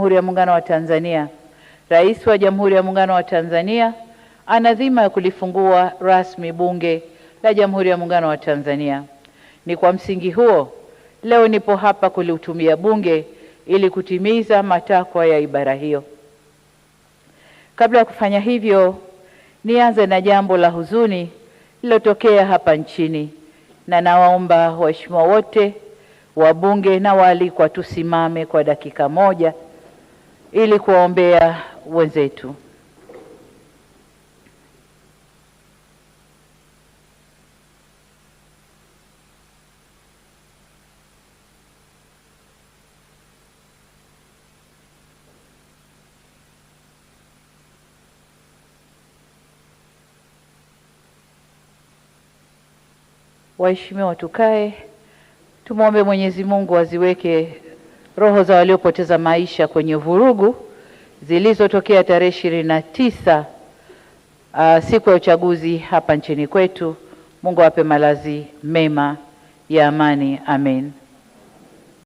Jamhuri ya Muungano wa Tanzania. Rais wa Jamhuri ya Muungano wa Tanzania ana dhima ya kulifungua rasmi Bunge la Jamhuri ya Muungano wa Tanzania. Ni kwa msingi huo leo nipo hapa kulihutumia Bunge ili kutimiza matakwa ya ibara hiyo. Kabla ya kufanya hivyo, nianze na jambo la huzuni lililotokea hapa nchini, na nawaomba waheshimiwa wote wabunge na waalikwa tusimame kwa dakika moja ili kuwaombea wenzetu. Waheshimiwa, tukae tumwombe Mwenyezi Mungu aziweke roho za waliopoteza maisha kwenye vurugu zilizotokea tarehe ishirini na tisa uh, siku ya uchaguzi hapa nchini kwetu. Mungu awape malazi mema ya amani. Amen.